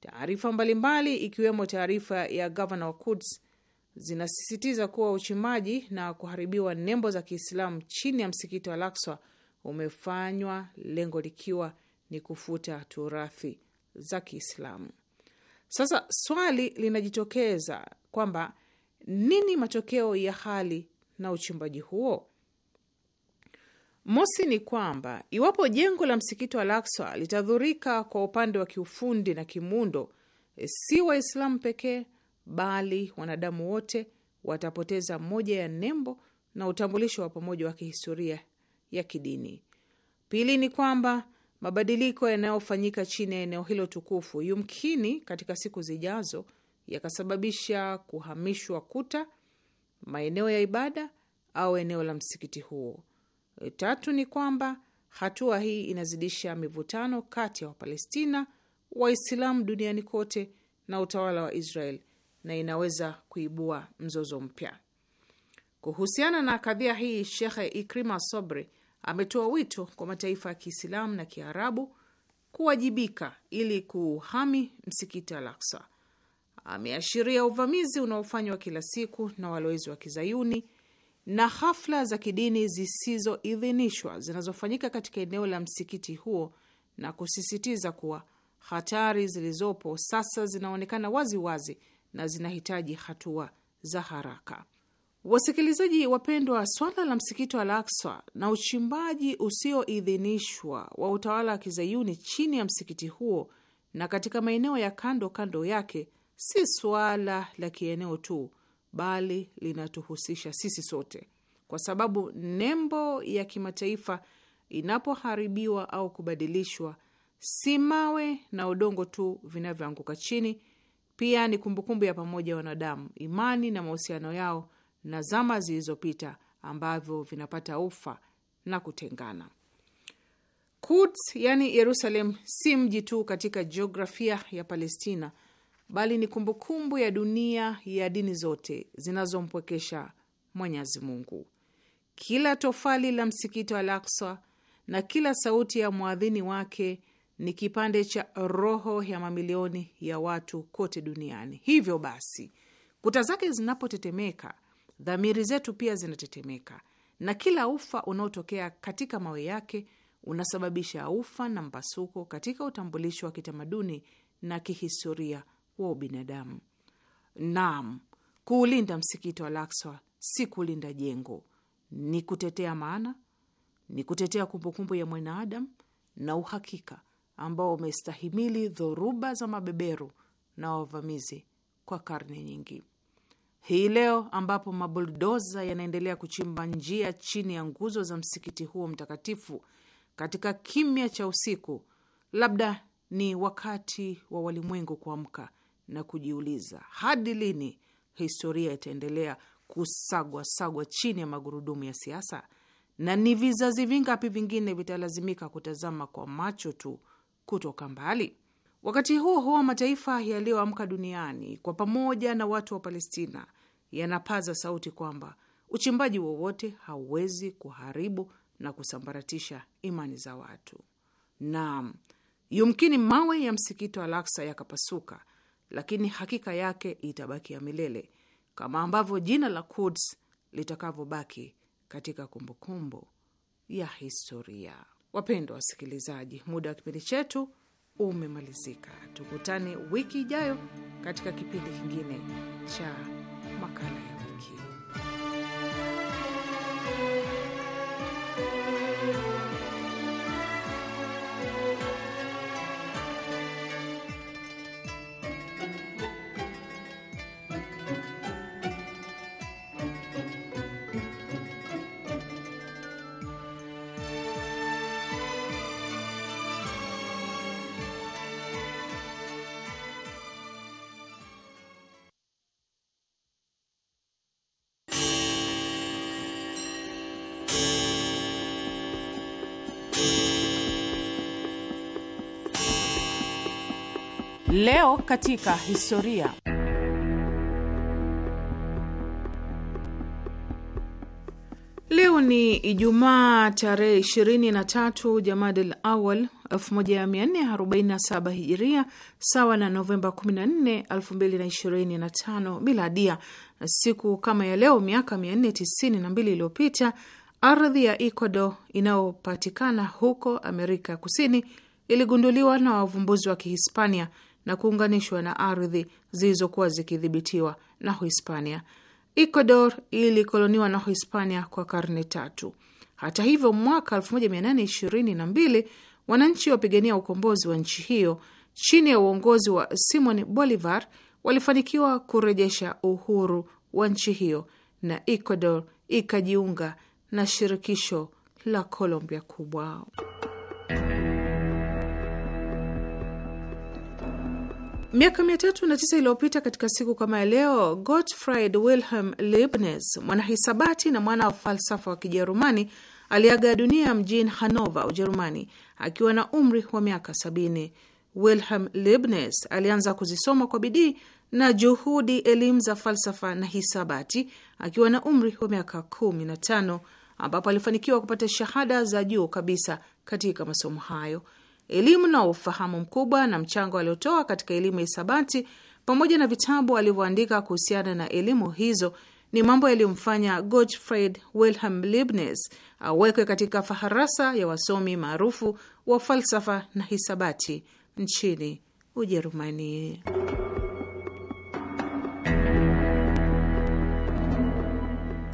Taarifa mbalimbali ikiwemo taarifa ya gavana wa Quds zinasisitiza kuwa uchimaji na kuharibiwa nembo za Kiislamu chini ya msikiti wa Al-Aqsa umefanywa lengo likiwa ni kufuta turathi za Kiislamu. Sasa swali linajitokeza kwamba nini matokeo ya hali na uchimbaji huo? Mosi ni kwamba iwapo jengo la msikiti wa Al-Aqsa litadhurika kwa upande wa kiufundi na kimuundo, si Waislamu pekee bali wanadamu wote watapoteza moja ya nembo na utambulisho wa pamoja wa kihistoria ya kidini. Pili ni kwamba mabadiliko yanayofanyika chini ya eneo hilo tukufu yumkini katika siku zijazo yakasababisha kuhamishwa kuta, maeneo ya ibada au eneo la msikiti huo. Tatu ni kwamba hatua hii inazidisha mivutano kati ya Wapalestina, Waislamu duniani kote na utawala wa Israel na inaweza kuibua mzozo mpya. Kuhusiana na kadhia hii, Shekhe Ikrima Sobri ametoa wito kwa mataifa ya Kiislamu na Kiarabu kuwajibika ili kuuhami msikiti Al-Aqsa. Ameashiria uvamizi unaofanywa kila siku na walowezi wa kizayuni na hafla za kidini zisizoidhinishwa zinazofanyika katika eneo la msikiti huo na kusisitiza kuwa hatari zilizopo sasa zinaonekana waziwazi wazi na zinahitaji hatua za haraka. Wasikilizaji wapendwa, swala la msikiti wa Al-Aqsa na uchimbaji usioidhinishwa wa utawala wa kizayuni chini ya msikiti huo na katika maeneo ya kando kando yake si swala la kieneo tu, bali linatuhusisha sisi sote, kwa sababu nembo ya kimataifa inapoharibiwa au kubadilishwa, si mawe na udongo tu vinavyoanguka chini, pia ni kumbukumbu ya pamoja wanadamu, imani na mahusiano yao na zama zilizopita ambavyo vinapata ufa na kutengana. Quds, yani Yerusalem, si mji tu katika jiografia ya Palestina, bali ni kumbukumbu ya dunia ya dini zote zinazompwekesha Mwenyezi Mungu. Kila tofali la msikiti wa Al-Aqsa na kila sauti ya mwadhini wake ni kipande cha roho ya mamilioni ya watu kote duniani. Hivyo basi, kuta zake zinapotetemeka, dhamiri zetu pia zinatetemeka, na kila ufa unaotokea katika mawe yake unasababisha ufa na mpasuko katika utambulisho wa kitamaduni na kihistoria wa ubinadamu. Naam, kuulinda msikiti wa Al-Aqsa si kulinda jengo, ni kutetea maana, ni kutetea kumbukumbu ya mwanaadamu na uhakika ambao umestahimili dhoruba za mabeberu na wavamizi kwa karne nyingi. Hii leo ambapo mabuldoza yanaendelea kuchimba njia chini ya nguzo za msikiti huo mtakatifu katika kimya cha usiku, labda ni wakati wa walimwengu kuamka na kujiuliza hadi lini historia itaendelea kusagwasagwa chini ya magurudumu ya siasa, na ni vizazi vingapi vingine vitalazimika kutazama kwa macho tu kutoka mbali. Wakati huo huo, mataifa yaliyoamka duniani kwa pamoja na watu wa Palestina yanapaza sauti kwamba uchimbaji wowote hauwezi kuharibu na kusambaratisha imani za watu. Naam, yumkini mawe ya msikiti wa Al-Aqsa yakapasuka, lakini hakika yake itabaki ya milele, kama ambavyo jina la Quds litakavyobaki katika kumbukumbu ya historia. Wapendwa wasikilizaji, muda wa kipindi chetu umemalizika. Tukutane wiki ijayo katika kipindi kingine cha makala ya wiki. Leo katika historia. Leo ni Ijumaa tarehe 23 Jamadil Awal 1447 Hijiria, sawa na Novemba 14, 2025 Miladia. Siku kama ya leo miaka 492 iliyopita, ardhi ya Ecuador inayopatikana huko Amerika ya Kusini iligunduliwa na wavumbuzi wa Kihispania na kuunganishwa na ardhi zilizokuwa zikidhibitiwa na Hispania. Ecuador ilikoloniwa na Hispania kwa karne tatu. Hata hivyo, mwaka 1822 wananchi wapigania ukombozi wa nchi hiyo chini ya uongozi wa Simon Bolivar walifanikiwa kurejesha uhuru wa nchi hiyo na Ecuador ikajiunga na shirikisho la Colombia Kubwa. Miaka mia tatu na tisa iliyopita katika siku kama ya leo, Gottfried Wilhelm Leibniz, mwanahisabati na mwana wa falsafa wa Kijerumani, aliaga dunia mjini Hanover, Ujerumani, akiwa na umri wa miaka sabini. Wilhelm Leibniz alianza kuzisoma kwa bidii na juhudi elimu za falsafa na hisabati akiwa na umri wa miaka kumi na tano ambapo alifanikiwa kupata shahada za juu kabisa katika masomo hayo elimu na ufahamu mkubwa na mchango aliotoa katika elimu ya hisabati pamoja na vitabu alivyoandika kuhusiana na elimu hizo ni mambo yaliyomfanya Gottfried Wilhelm Leibniz awekwe katika faharasa ya wasomi maarufu wa falsafa na hisabati nchini Ujerumani.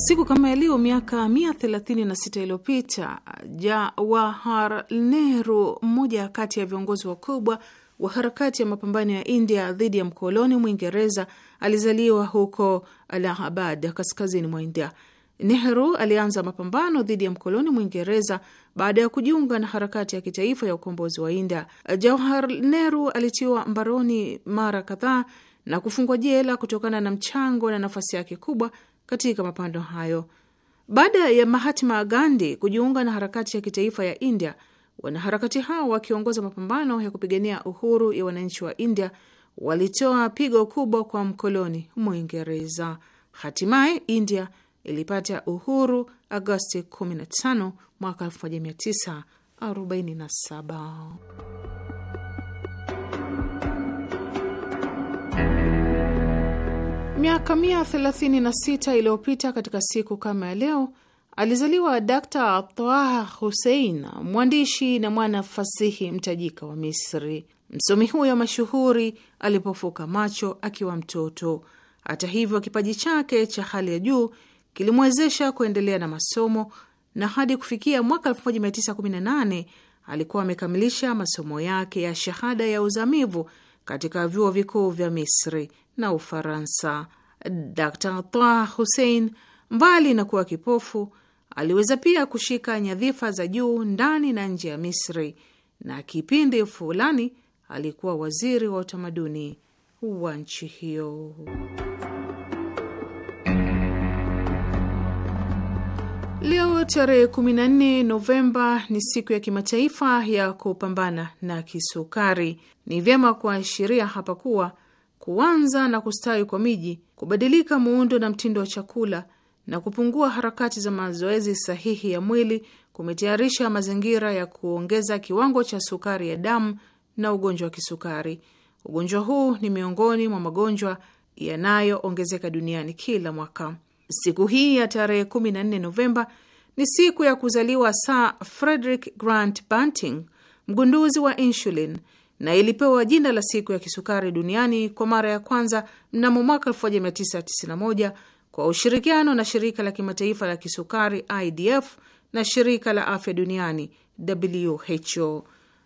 Siku kama yaliyo miaka 136 iliyopita, Jawahar Nehru, mmoja kati ya viongozi wakubwa wa harakati ya mapambano ya India dhidi ya mkoloni Mwingereza, alizaliwa huko Allahabad, kaskazini mwa India. Nehru alianza mapambano dhidi ya mkoloni Mwingereza baada ya kujiunga na harakati ya kitaifa ya ukombozi wa India. Jawahar Nehru alitiwa mbaroni mara kadhaa na kufungwa jela kutokana na mchango na nafasi yake kubwa katika mapando hayo. Baada ya Mahatma Gandhi kujiunga na harakati ya kitaifa ya India, wanaharakati hao wakiongoza mapambano ya kupigania uhuru ya wananchi wa India walitoa pigo kubwa kwa mkoloni Mwingereza. Hatimaye India ilipata uhuru Agosti 15 mwaka 1947. Miaka mia 36 iliyopita katika siku kama ya leo alizaliwa Dr Taha husein mwandishi na mwana fasihi mtajika wa Misri. Msomi huyo mashuhuri alipofuka macho akiwa mtoto. Hata hivyo, kipaji chake cha hali ya juu kilimwezesha kuendelea na masomo na hadi kufikia mwaka 1918 alikuwa amekamilisha masomo yake ya shahada ya uzamivu katika vyuo vikuu vya Misri na Ufaransa. Dr Taha Hussein, mbali na kuwa kipofu, aliweza pia kushika nyadhifa za juu ndani na nje ya Misri, na kipindi fulani alikuwa waziri wa utamaduni wa nchi hiyo. Leo tarehe 14 Novemba ni siku ya kimataifa ya kupambana na kisukari. Ni vyema kuashiria hapa kuwa kuanza na kustawi kwa miji, kubadilika muundo na mtindo wa chakula na kupungua harakati za mazoezi sahihi ya mwili kumetayarisha mazingira ya kuongeza kiwango cha sukari ya damu na ugonjwa wa kisukari. Ugonjwa huu ni miongoni mwa magonjwa yanayoongezeka duniani kila mwaka. Siku hii ya tarehe 14 Novemba ni siku ya kuzaliwa Sir Frederick Grant Banting, mgunduzi wa insulin, na ilipewa jina la siku ya kisukari duniani kwa mara ya kwanza mnamo mwaka 1991 kwa ushirikiano na shirika la kimataifa la kisukari IDF na shirika la afya duniani WHO.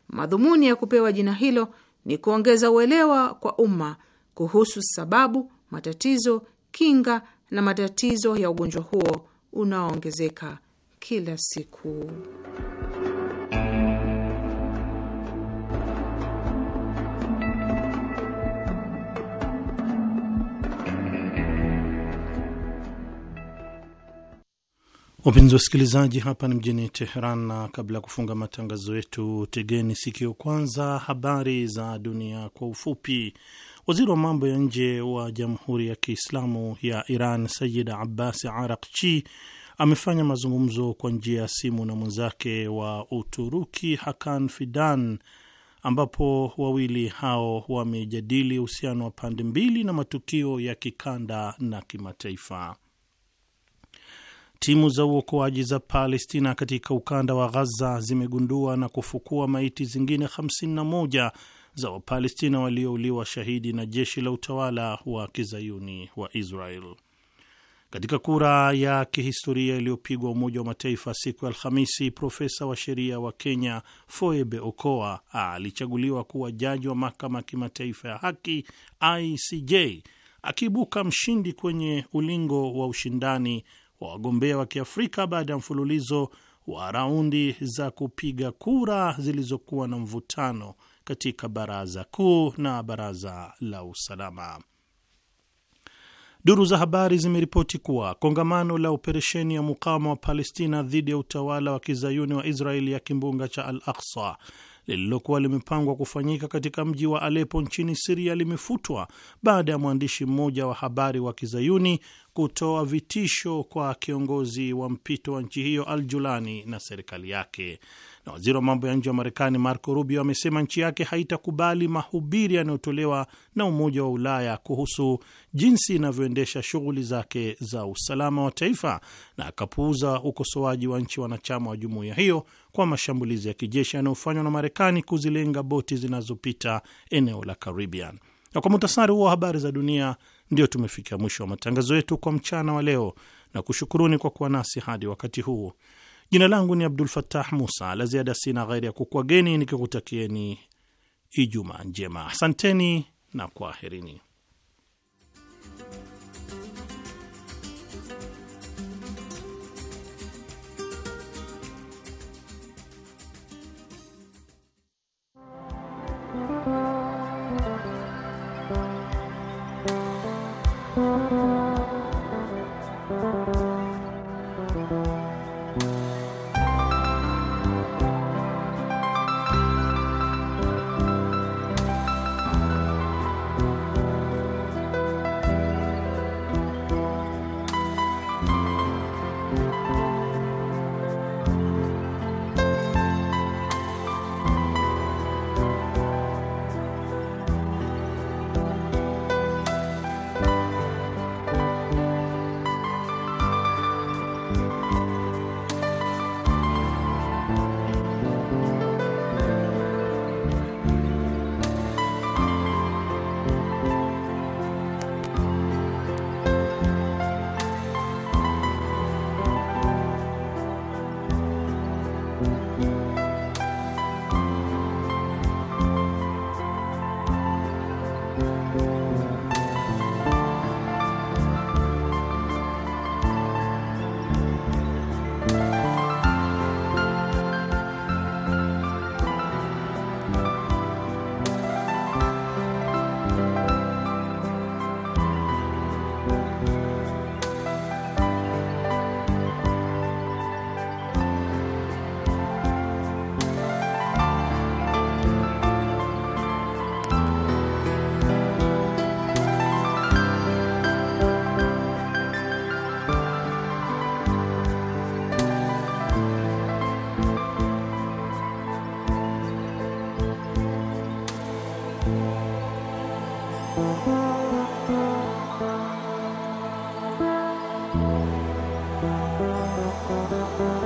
Madhumuni ya kupewa jina hilo ni kuongeza uelewa kwa umma kuhusu sababu, matatizo, kinga na matatizo ya ugonjwa huo unaoongezeka kila siku. Wapenzi wasikilizaji, hapa ni mjini Teheran, na kabla ya kufunga matangazo yetu, tegeni sikio kwanza habari za dunia kwa ufupi. Waziri wa mambo ya nje wa Jamhuri ya Kiislamu ya Iran Sayid Abbas Arakchi amefanya mazungumzo kwa njia ya simu na mwenzake wa Uturuki Hakan Fidan, ambapo wawili hao wamejadili uhusiano wa pande mbili na matukio ya kikanda na kimataifa. Timu za uokoaji za Palestina katika ukanda wa Ghaza zimegundua na kufukua maiti zingine 51 za Wapalestina waliouliwa shahidi na jeshi la utawala wa kizayuni wa Israel. Katika kura ya kihistoria iliyopigwa Umoja wa Mataifa siku ya Alhamisi, profesa wa sheria wa Kenya foebe Okoa alichaguliwa kuwa jaji wa mahakama ya kimataifa ya haki ICJ, akiibuka mshindi kwenye ulingo wa ushindani wa wagombea wa Kiafrika baada ya mfululizo wa raundi za kupiga kura zilizokuwa na mvutano katika baraza kuu na baraza la usalama. Duru za habari zimeripoti kuwa kongamano la operesheni ya mukama wa Palestina dhidi ya utawala wa kizayuni wa Israeli ya kimbunga cha Al Aksa lililokuwa limepangwa kufanyika katika mji wa Alepo nchini Siria limefutwa baada ya mwandishi mmoja wa habari wa kizayuni kutoa vitisho kwa kiongozi wa mpito wa nchi hiyo Al Julani na serikali yake. Na waziri wa mambo ya nje wa Marekani Marco Rubio amesema nchi yake haitakubali mahubiri yanayotolewa na Umoja wa Ulaya kuhusu jinsi inavyoendesha shughuli zake za usalama wa taifa, na akapuuza ukosoaji wa nchi wanachama wa jumuiya hiyo kwa mashambulizi ya kijeshi yanayofanywa na Marekani kuzilenga boti zinazopita eneo la Caribbean. Na kwa muhtasari huo wa habari za dunia, ndio tumefikia mwisho wa matangazo yetu kwa mchana wa leo, na kushukuruni kwa kuwa nasi hadi wakati huu. Jina langu ni Abdul Fatah Musa. La ziada sina ghairi ya kukwageni nikikutakieni Ijumaa njema. Asanteni na kwaherini. Thank you.